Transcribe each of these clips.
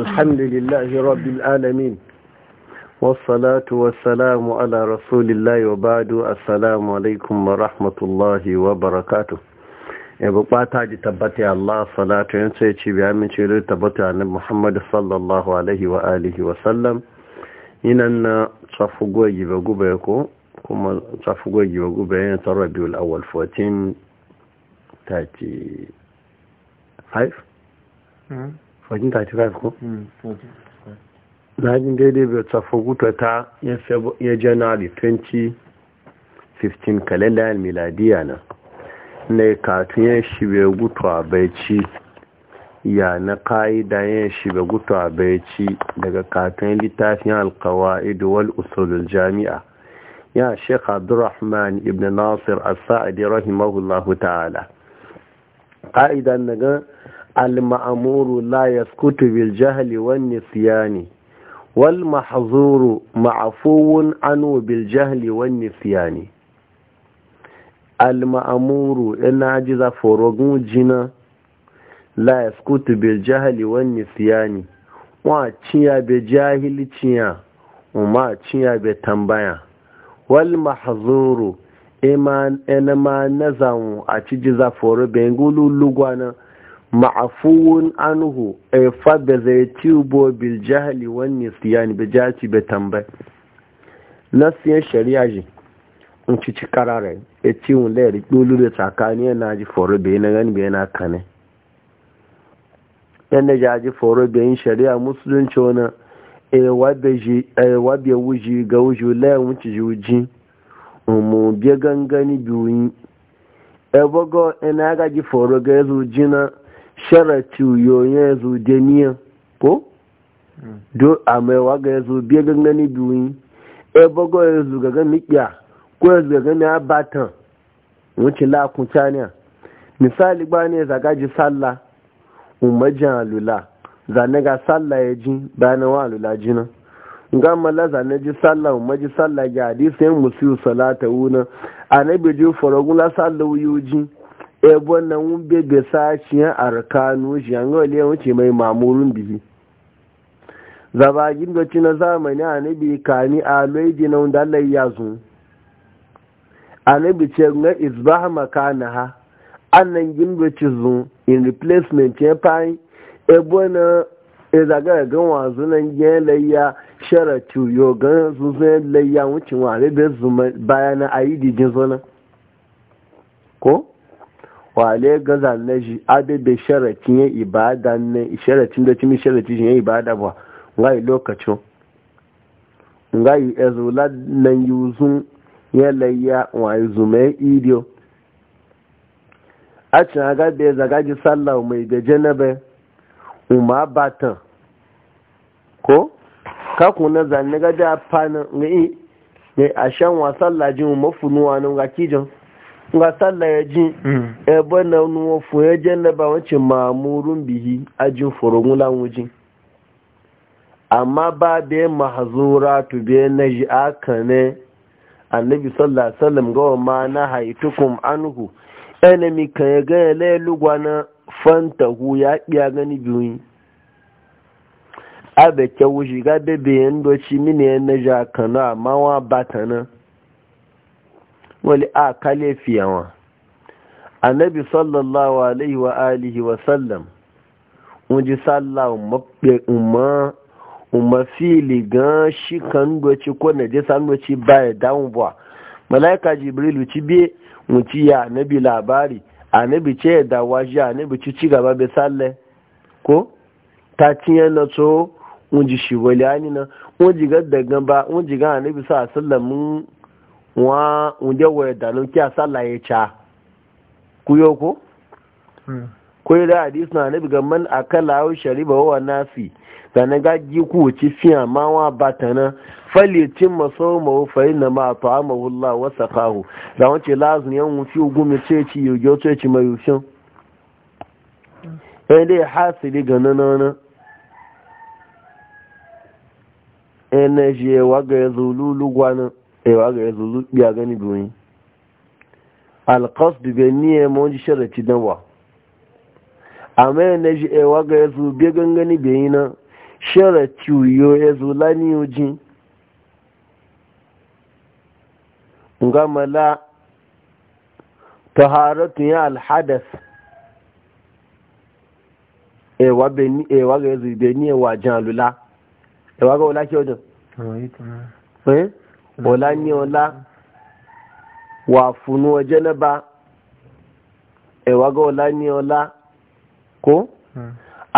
الحمد لله رب العالمين والصلاة والسلام على رسول الله وبعد السلام عليكم ورحمة الله وبركاته yabu kwata ji tabbata Allah salatu yin sai ci biya min ciro tabbata na Muhammad sallallahu alaihi wa alihi wa sallam ina na tsafu ba guba ya ko kuma tsafu goyi ba guba ya ta rabiul 14 35 1435 ko? Mm, Najin daidai bai tsafaguta ta ya janari 2015 kalendar miladiya na. Na katun ya shibe gutu a ci ya na ka'ida ya shibe gutu a ci daga katun littafin alkawa wal usulul jami'a. Ya Sheikh abdulrahman ibn Nasir Asa'adi rahimahullahu ta'ala. Ka'idan na al-ma'amuru la yaskutu bil jahli wan nisyani wal mahzuru ma'fuun anhu bil jahli wan nisyani al-ma'amuru inna ajiza forogun jina la yaskutu bil jahli wan nisyani wa chiya be jahili chiya umma chiya be tambaya wal mahzuru iman enma nazamu achiji za foro bengulu ma'afuwun anhu a fada zai tubo bil jahali wani siyan bi jaci be tambayi na siyan shari'a ji in ci ci karara ya ci wun da ya riƙi olu da tsakani yana ji foro bai na gani bai na kane yadda ya ji foro bai yin shari'a musulunci wani a wabe wuji ga wuji wuci ji wuji gangani biyu yi ebogo ina foro ga ya zo na. sharati yoyin zo deniya ko do a mai waga ya zo biya gangani biyu e bago ya zo gaga mikiya ko ya zo gaga na batan wuce la kuntaniya misali ba ne zaga ji salla umarjin alula zane ga salla ya ji bayanan wa alula jina ga mala zane ji salla umarji salla ga hadisi yin musu salata wuna a na biji faragun la salla wuyoji ebo na un bebe sashiyan arkanu shi an gawa liyan wuce mai mamurin bibi zabagin doci na zamani a nabi kani a loidi na wanda Allah ya zo a nabi ce na isbah makana ha annan gimbaci zo in replacement ya fayi ebo na izaga ga wazu nan gen layya sharatu yo gan su zai layya wucin wa rabe zuma bayan ayi dijin zo ko wale gaza na shi adada sharatin ya ibada ne sharatin da cimi sharatin ya ibada ba ngai lokacin ngai ezula nan yuzun ya layya wa zume idio a cin aga da ya zagaji sallah mai da janabe umar batan ko kaku na zanne ga da fana ne a shan wa sallah jin mafunuwa nan ga kijin nga ya ji ebe hmm. na nuwa fu ya e je leba wancin mamurun bihi ajin furungula wujin amma ba be mahzura tu be na ji aka ne annabi sallallahu alaihi wasallam ga ma na haitukum anhu enemi kan ya ga lelu gwana fantahu ya kiya gani biyu abe ke wuji ga bebe ndo chi mini na ja kana ma wa batana wali a kale fiyawa annabi sallallahu alaihi wa alihi wa sallam unji sallah umma umma fili gan shi kan doci ko na je san doci ba ya dawo ba malaika jibrilu ci be unci ya annabi labari annabi ce da waji annabi ci ci gaba be salle ko ta tiyan na to unji shi wali ani na unji ga daga ba unji ga annabi sallallahu alaihi wa sallam wa unde wa da nun kiya sallah ya e cha kuyo ko hmm. ko da hadis na nabi ga man akala wa shariba wa nasi da na gaji ku ci fiya ma wa batana falitin masawma fa inna ma ta'amahu Allah wa saqahu da wace lazun yan fi gumi ce ci yogo ce ci mai yushin eh dai hasili ga nanana energy wa ga zululu gwanan ewa ga yanzu zuɓiya gani goyi alƙasdu ga niyyar mawanci sharaci don wa a mai na shi ewa ga yanzu biya gangani bayi na sharaci yo yanzu lani yojin gamala taharatun ya alhadas ewa ga yanzu biya niyyar e wajen alula ewa ga wula ke wajen? ọ̀la ní ọ̀la wà fún ọjọ́ nẹ́bà ẹ̀wàgọ́ ọ̀la ní ọ̀la kó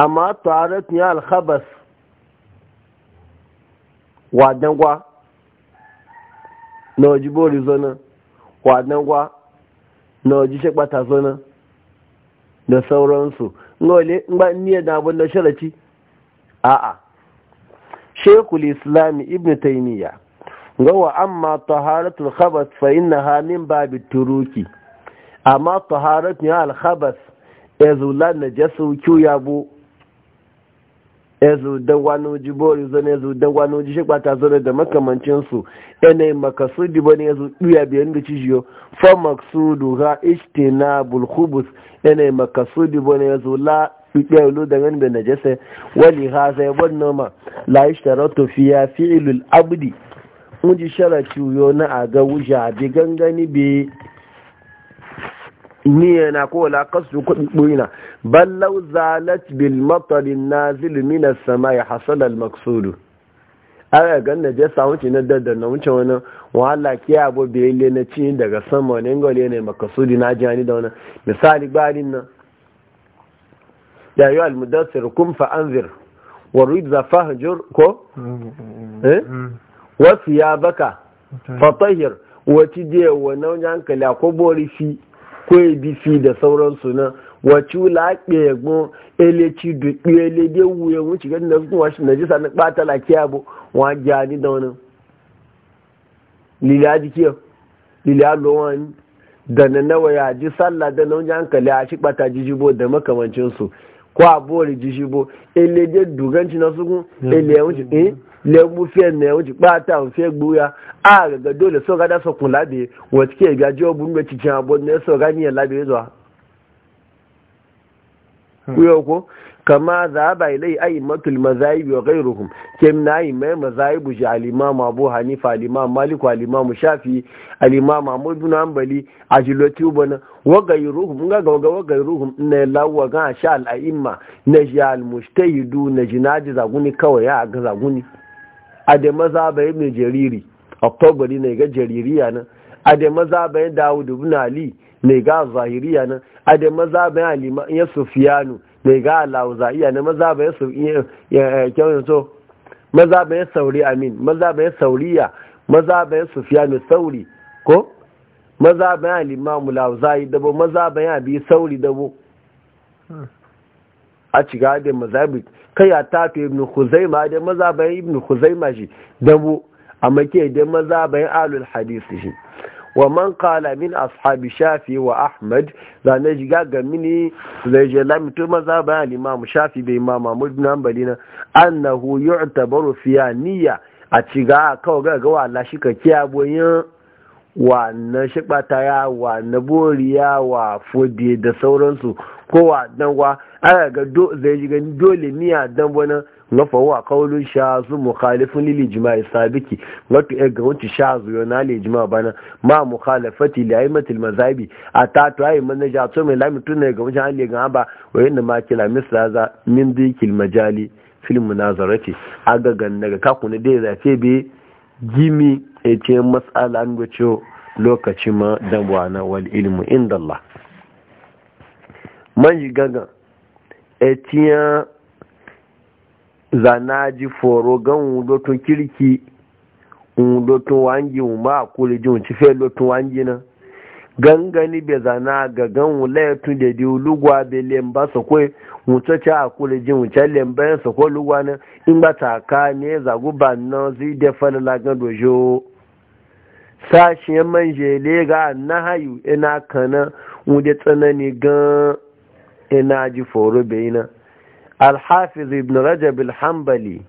àmà tọ́ ààrẹ tí yá alhabas wà dángwa na ọjí bóòrí zọ́nà wà dángwa na ọjí ṣe zọ́nà da sauransu ngole ngba na da abin da sharaci a'a shekul islam ibn taymiyyah gawa amma taharatul khabas fa innaha min babi turuki amma taharatun ya alkhabas ezula najasu kiyabo ezu da wani jibori zane ezu da wani ji shekwata zane da makamancin su makasu makasudi bane ezu duya biyan da cijiyo fa maksudu ha na bulhubus makasu makasudi bane ezu la ɗaya lu da ganin da najasa wani ha sai wannan noma la ishtaratu fiya fi'ilul abdi muji shara yo na aga wuja bi gangani bi niya na ko la kasu kudi buina bal law zalat bil matar nazil min as-samai hasal al maqsud Aya ganna je samu ci na dadda na wuce wani wahala ki abu bi le na ci daga sama ne ngole ne makasudi na jani da wani misali gbarin nan ya yi al mudassir kum fa anzir wa ribza fahjur ko mm, mm, mm, eh wasu ya baka fatahir wace je wa nauyin hankali ko bori fi ko bi fi da sauransu na wace laƙe egbon eleci da ƙiyele da wuye wuce gani da suka washe najisa na ɓata lakiya bu wa gani da wani liliya jikiyar liliya lowan da na nawa ya ji sallah da nauyin hankali a shi bata jijibo da makamancinsu ko abori jishibo ele de duganci na sukun ele wuce eh le mu fe na wuce pata o fe gbuya a gaga dole so ga da so kun labe wati ke ga jo bu nwe cikin abo ne so ga ni labe zo hmm. ku yo ko kama a zaba ilai a'immatul mazahib wa ghayruhum kim nayi mai mazahibu ji al-imam Abu Hanifa al-imam Malik al-imam Shafi al-imam Ahmad bin Hanbali ajiloti ubana wa ghayruhum ga ga wa ghayruhum na lawa ga sha al-a'imma na ji al-mujtahidu na jinaji zaguni kawai ya ga zaguni a da maza mazaba ibn jariri Oktobari ne ga jaririya nan a da maza mazaba dawo Dawud ibn Ali ne ga zahiriya nan a da maza mazaba ya Yusufiyanu mai ga Allah za iya na maza ba ya iya kyawun so maza bai sauri amin maza ba ya sauriya maza ba ya sufiya mai sauri ko maza ba bai alimamu lauzayi dabo maza ba ya bi sauri dabo a ciga da mazabi kai ya tafi ibn khuzaima da maza bai ibn khuzaima shi dabo amma ke da maza ba ya alul hadisi shi wa man kala min ashabi shafi wa ahmad zane ji gaga mini zai je lamito maza bayan imam shafi bai imam mahmud na na annahu yu'tabaru fiya niyya a ciga kawai ga gawa Allah shi ka kiyaboyin wa na shibataya wa na boriya wa fode da sauransu ko wa dangwa ana ga zai ji gani dole niya dan wani na fawo a kaulun shazu mukhalifun lil ijma'i sabiki wato e ga wanti shazu na lil ijma' bana ma mukhalafati li aimatil mazabi atatu ai manaja to mai lamitun ne ga wanti an le ga ba na ma kila misaza min dikil majali fil munazarati aga ganna ga kakuna dai zafe be gimi ya ce matsala an lokaci ma dabuwa na wal ilmu inda Allah man yi gaga ya tiya zana ji foro gan wudotun kirki wudotun wangi ma a kuli ji wunci fe lotun wangi na gangani bai zana ga gan wulayatu da di lugwa be lemba su kwe wuce a kuli ji wuce lemba su kwe lugwa na in ba ta ka ne zaguba na zai da falala dojo sashe man jele ga na hayu ina kana wude tsanani gan ina ji foro bayina alhafiz ibn rajab alhambali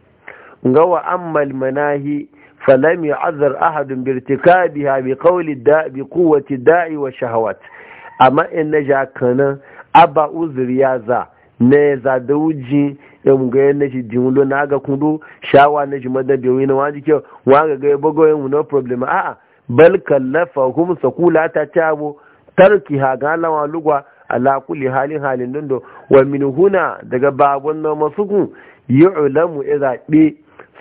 ga wa ammal manahi falam Azar, Ahad, bi irtikabiha bi qawli da'i quwwati da'i wa shahawat amma in ja kana aba uzuri za ne za da wuji in ga na shi jinlo na ga kudu shawa na shi madabi wani waji kyau wa ga ga bago yin no problem a'a bal hum sakula ta tabo tarki ha galawa lugwa ala kulli halin halin dindo wa min huna daga babun na masuku yu'lamu idza bi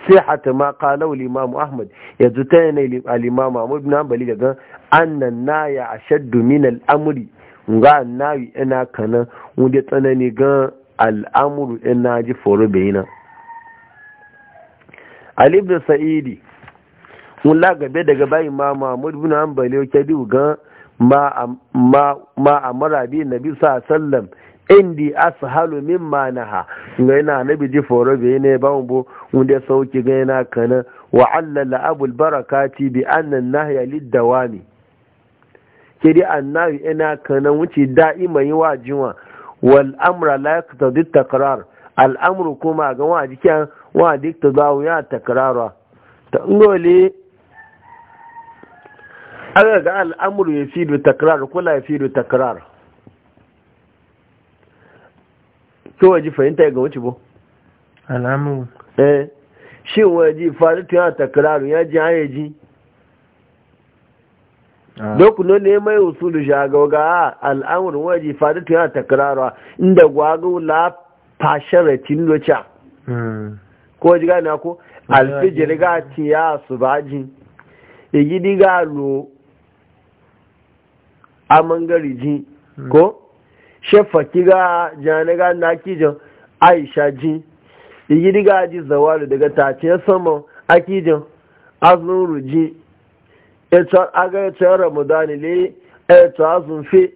sihhat ma qala al imam ahmad yanzu ta ne al imam ahmad ibn hanbali daga annan naya ashaddu min al amri nga nayi ina kana wanda tsanani ga al amru ina ji foro bayina ali ibn sa'idi mun lagabe daga bayin ma Muhammadu bin Hanbali ke diu ga ma ma ma amara bi Nabi sallam indi ashalu mimma naha ngai na nabi ji foro be ne ba bo unde sauki ga na kana wa allala abul barakati bi anna nahya lid dawami kedi annabi ina kana wuce da'ima yi wa jinwa wal amra la yaqtadi takrar al amru kuma ga wa jikan wa dikta zawu ya takrara ta ngole aka ga al'amuru ya fi da takrar kula ya fi da takrar to waje fahimta ga wuce bo al'amuru eh shi waje farita ya takraru ya ji ya ji dokuno ne mai usulu a al'amuru waje farita ya takraru inda gwago la fasharatin locha ko ji gane ko alfijir ya tiya su ji. igidi ga lo aman gariji hmm. ko shefa kiga janaga na kijin aisha ji igidi ga ji zawaru daga tace sama akijin azun ruji eto aga eto ramadan le eto azun fi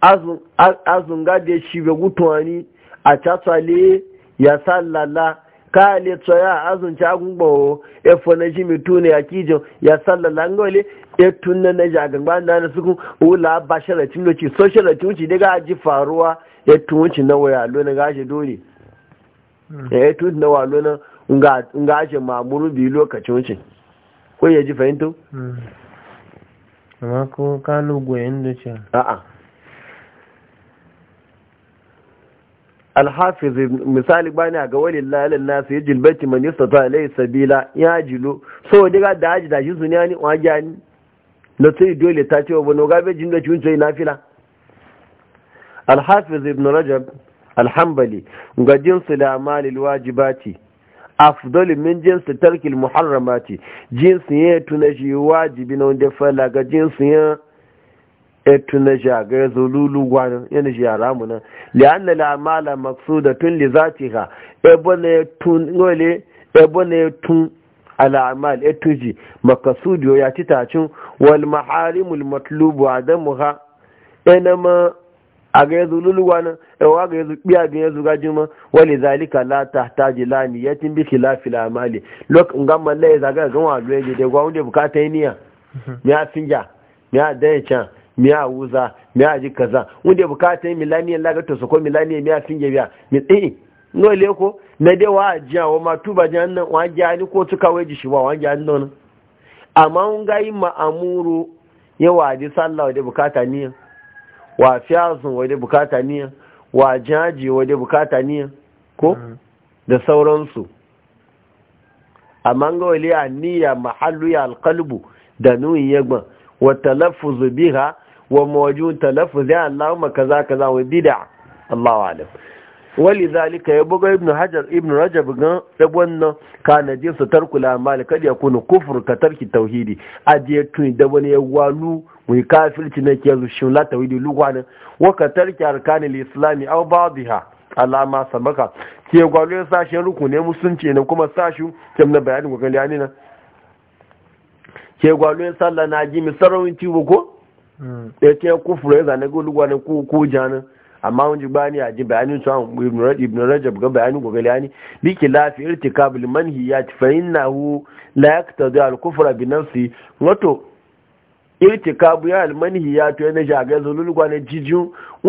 azun azun ga de shi be gutuani a tatsale ya sallala ka le to azun ta gungbo efo na ji mitune akijin ya sallala ngole etun na na jagagba na na suku wula ba sharatin lokaci so sharatin wuce daga ji faruwa tun wuce na waya lona gashi dole hmm. ya tun na waya lona ga shi mamuru biyu lokacin wuce ko ya ji fahimto? Hmm. amma ko kano goyon da ce a'a alhafiz misali bani ga wani lalin nasu yi jilbati man yasta ta sabila ya jilo so diga da haji da shi zuniya ne wa gani na sai dole ta cewa wani gabe jin da cikin na fila alhafiz ibn rajab alhambali ga jinsu da amalil wajibati afdol min jinsu tarkil muharramati jinsu ya tuna shi wajibi na wanda fala ga jinsu ya tuna shi a ga zululu gwanin yana shi yara mu nan li'anna la'amala maksudatun li zatiha ebo tun al'amal etuji makasudu ya ci tacin wal maharimul matlubu adamuha enama a ga yanzu luluwa nan yawa ga yanzu biya biya yanzu gajin ma wani zalika la ta taji la niyatin bi khilafi la amali lokacin ga malla ya zaga ga wani lokaci da gwamnati bukata yi niyya miya finja miya dan can miya wuza miya ji kaza wanda bukata yi milaniyan lagato su ko milaniyan miya finja biya mi tsi ngole ko na dai wa ajiya wa matu ba jan nan wa ajiya ni ko tuka wai ji shi wa wa ajiya ni don amma un ga yi ma'amuru ya wa di sallah wa bukata niya wa fiyasun wa bukata niya wa jaji wa bukata niya ko mm. da sauransu amma ga wali niyya mahallu ya alqalbu da nuyin yagba wa talaffuzu biha wa mawjud talaffuzi Allahumma kaza kaza wa bid'a Allahu a'lam wali zalika ya buga ibn hajar ibn rajab gan wannan na je su tarkula mali kada ya kunu kufur ka tarki tauhidi aje tun da wani ya walu mu kafirci na ke zu shin la tauhidi lugwana wa ka tarki arkanil islami aw ba'dha alama samaka. ke gwalo sashen ne musunci ne kuma sashu kem na bayanin gogali ani na ke gwalo sallah na ji mi sarawin tiwo ko ya ce kufur ya zane gulugwana ko ko jana amma ji bani a ji bayanin su an ibn rajab ga bayanin gogali yani biki lafi irtikabul manhi ya ci fa innahu la yaqtadi al kufra bi nafsi wato irtikabu ya almanhi ya to yana shagar zulul gwanin jijin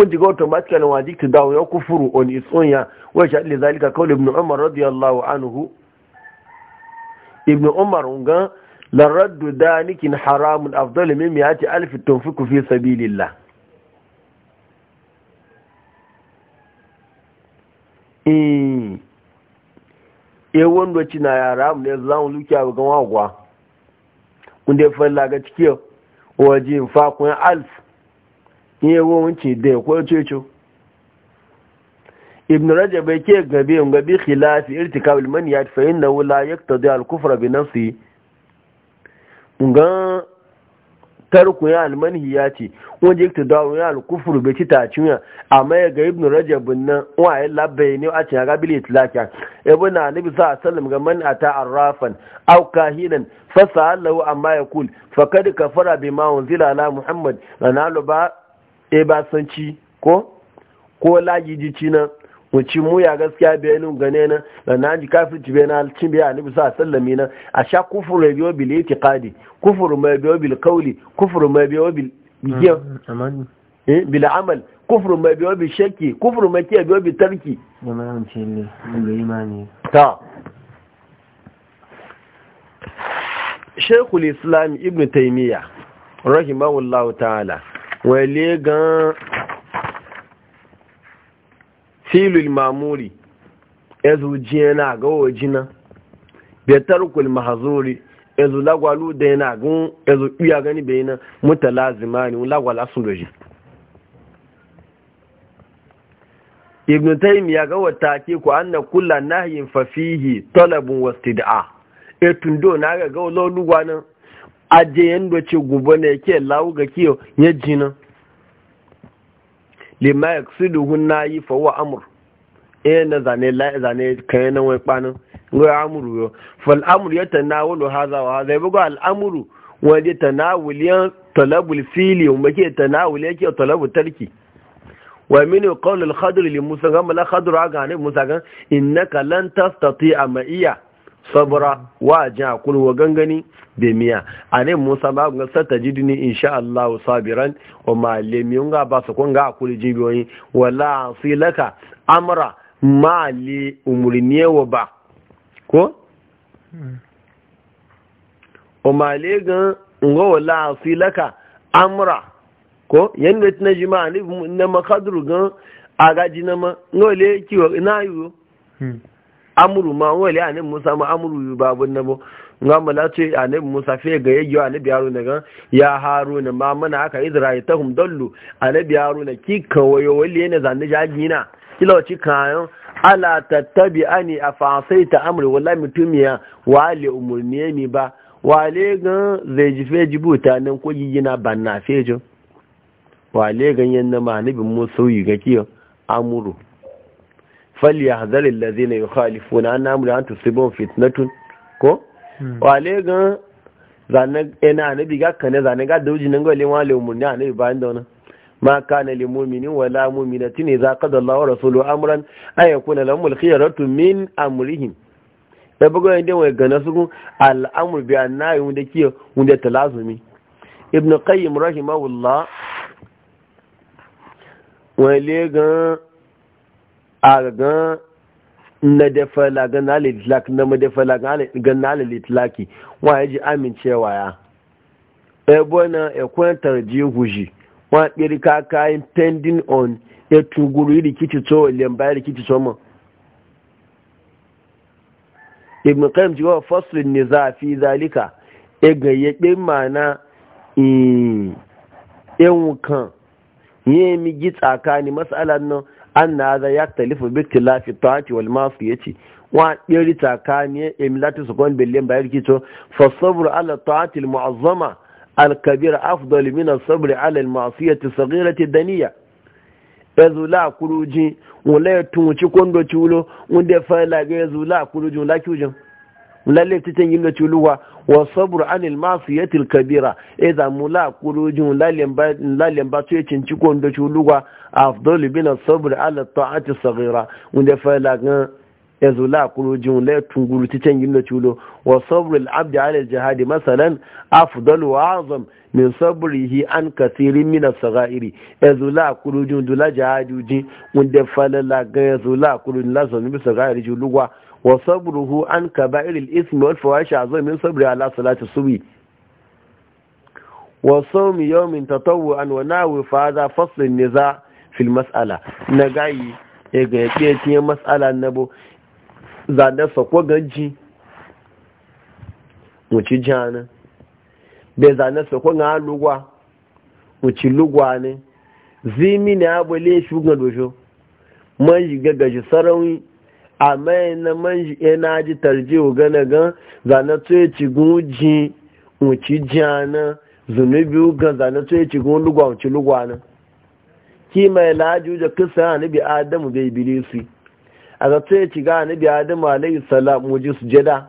ji ga automatically wa dikta dawo ya kufuru on its own ya wa sha li zalika qawl ibn umar radiyallahu anhu ibn umar ungan la raddu danikin haramun afdal min mi'ati alf tunfiku fi sabilillah Hmm. eh wanda ci na yara mu ne zan lukiya ga gan wagwa kunde falla ga cike waje fa kun alf ihe won ci da ko cece ibn raja bai e ke gabe un gabe khilafi irtikab al maniyat fa innahu la yaqtadi al kufra bi nafsi ngan tarku ya almanhi ya ce wani ta dawo ya alkufuru bai ci taciya amma ya ga ibn rajab nan waye labbai ne a cikin ne tilaka ibn nabi sa sallam ga man ata arrafan au kahinan fa sallahu amma yaqul faqad kafara ma unzila ala muhammad lanalu ba e ba sanci ko ko laji wacce mu ya gaskiya bayanin gane na da na ji kafin ci na alcin biya ni bisa sallami na a sha kufur mai biyo bil itiqadi kufur mai biyo bil qawli kufur mai biyo bil ah, ah, eh, bil amal kufur mai biyo bil shakki kufur mai ke biyo bil tarki ta Sheikhul Islam Ibn Taymiyyah rahimahullahu ta'ala wale gan filul mamuri ya zuji yana ga wajina betar kul mahazuri ya zu lagwalu da yana ya zu iya gani bai na muta lazima ne lagwala sun doji ibn taymiya ga wata ke ku anna kullu nahyin fa fihi talabun wastid'a e tundo na ga ga lolugwa nan aje yando ce gubo ne ke lawu ga kiyo ya jina lima ya duhun na yi fawa amur eh na zane zane kayan nan wani kpanin ga amuru yau fal amur ya wulo haza wa haza bugo al amuru wani tanawuliyan talabul fili wani ke tanawuli yake talabul tarki wa mini qawl al khadr li musa gama la a aga ne musa gan innaka lan tastati ma iya sabura wa jan wa gangani da miya a ne musa ba ga sata jidini insha Allah sabiran wa malemi nga ba su kun ga akuli jibiyoyi wala silaka amra mali umurniye wa ba ko o male gan nga wala silaka amra ko yanda tina jima ne na makadru gan agaji na ma ngole kiwa na yiwo amuru ma wale a nan musa ma amuru yi babun nabo nga mala ce anabi musa fe ga yayyo anabi haruna yaro ya haruna na ma mana aka izra'i ta hum anabi haruna nabi na ki kawayo wale ne zanne jajina kila ci kayan ala tattabi ani a fasai ta amuru wala wa wale umurniye mi ba wa wale gan zai ji fe buta nan ko yiyina ban na wa wale gan yanna ma anabi musa yi ga kiyo amuru فليحذر الذين يخالفون عن امره ان تصيبهم fitnatun ko hmm. wale gan zane ina anabi? ga kane zane ga dauji nan gole wale umurni ne bayan da wani. ma kana lil mu'minin wala mu'minatin idza qada Allahu wa rasuluhu amran ay yakuna lahumul khiyaratu min amrihim da e bugo inda wai gana su al amru bi annahi wanda ke wanda talazumi ibn qayyim rahimahullah wale gan a gan na dafa lagan na litlaki na lagan na litlaki wa ya ji amincewa ya ebo na ekwentar ji huji wa kirka kayan pending on ya e tuguru rikici to rikici to ibn qayyim ji wa fasl niza fi zalika e gayyabe mana in e kan yi mi gi ni masala nan an na za ya talifu bitti lafi ta'ati wal masu ya ce wa ɗiri tsakaniyar emilatu su kwan billion bayan rikico fasabur ala ta'ati mu'azzama alkabir afdal min asabr ala almasiyati saghirati daniya ezula kuruji wala tunci kondo chulo unde fa la gezula kuruji la kujin lalle titin yin da chuluwa wa sabr anil masiyatil kabira Idan mula qulujun lalin ba tuye cinci ko ndo a afdal bin sabr ala ta'ati saghira unda fala gan la qulujun la tunguru ta can chulo wa sabr al abd ala al jihad masalan afdal wa azam min sabrihi an kathirin min as-saghairi yazula qulujun dula jihadujin wanda fala la gan la qulujun la sanu bi saghairi shuluwa wa sabruhu an kaba'ir al-ithm wal fawahish azam min sabri ala salati subhi wa sawmi yawmin tatawwu'an wa nawi fa hadha fasl an-niza' fi al-mas'ala nagayi e ga yake tiyan mas'ala nabo zanda sako ganji mu ci jana be zanda sako ga lugwa mu ci lugwa ne zimi ne abule shugan dojo man yi gaggaji sarauni amma yana man yana ji tarjiwa gana gan zana to ya ci gunji ana jana zunubi gan zana to ya ci gun lugwa uci lugwa na ki mai laju da kisa anabi adamu bai bilisi a ga to ya ci ga bi adamu alayhi salam mu ji sujada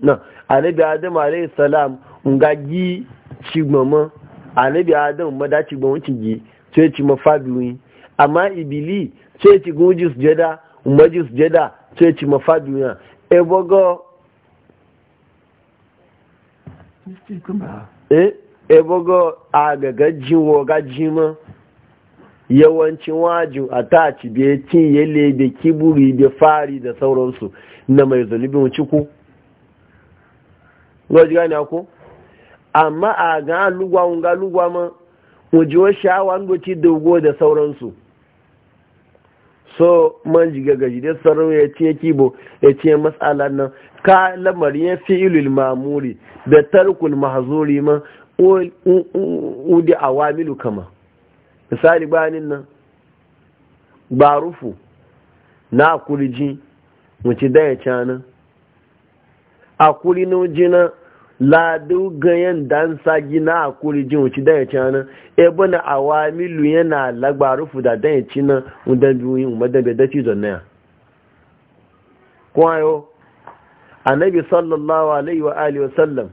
na bi adamu alayhi salam ga gi ci gbama anabi adamu ma da ci gbama ci gi to ya ci mafaduwi amma ibili to ya ci gunji sujada majis jada sai ci mafadu ya ebogo eh ebogo e, a gaga ga jima yawancin a ta ci da cin yale da kiburi da fari da sauransu na mai zalibin ciku gwaji gani ako amma a ga lugwa wunga lugwa ma wajewa sha'awa ngoci dogo da sauransu so man jiga gaji da sarau ya ce kibo ya ce matsala nan ka lamari ya fi ilil mamuri da tarkul mahzuri ma udi awamilu kama misali bayanin nan ba rufu na kurji mace da ya cana a kuri na ladu ganyen dan sagi na akuri jin wuci dan yaci nan ebe na awamilu yana lagbaru fuda dan yaci nan undan biyu umadan bai dace zonna ya kwayo annabi sallallahu alaihi wa alihi wasallam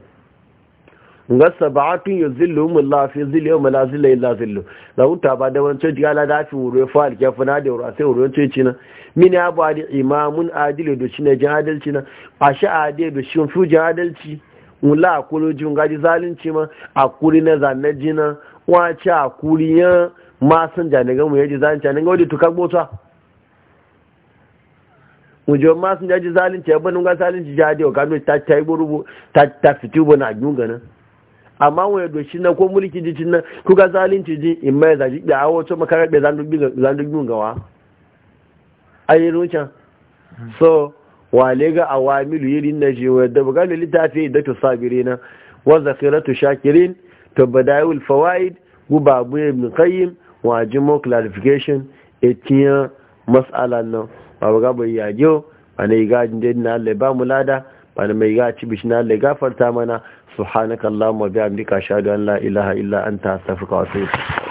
ga sab'atun yuzilluhum Allah fi zillu-mala, zillu zilla illa zillu la uta ba da wancan jiya la dafi wuri fa al kafana da wuri sai wuri wancan cina min ya ba da imamun adilu da shi ne jin adalci na asha adil da shi fu jin adalci wula a akuri jin gaji zalunci ma akuri na zane jina wace a akuri ya masun janiga mu yaji zalunci ne ga wadda tukar bota wujo masun jaji zalunci ya bani ga zalunci jade wa gano ta ta ibo ta ta fiti bu na gunga nan amma wani yadda shi na ko mulki ji cin nan ku ga zalunci ji in mai zaji da awo to makarar be zandu gunga zandu gunga wa ayi rucan so walega awamilu yirin na jewa da buga da littafi da ta sabire na wa ta shakirin to badayul fawaid guba abu ibn qayyim wa jimo clarification etiya mas'ala nan ba buga bai yajo ba iga ga na Allah ba mu lada ba ne mai ga ci bishi na Allah gafarta mana subhanakallahumma amurka shaɗu an la ilaha illa ta astaghfiruka wa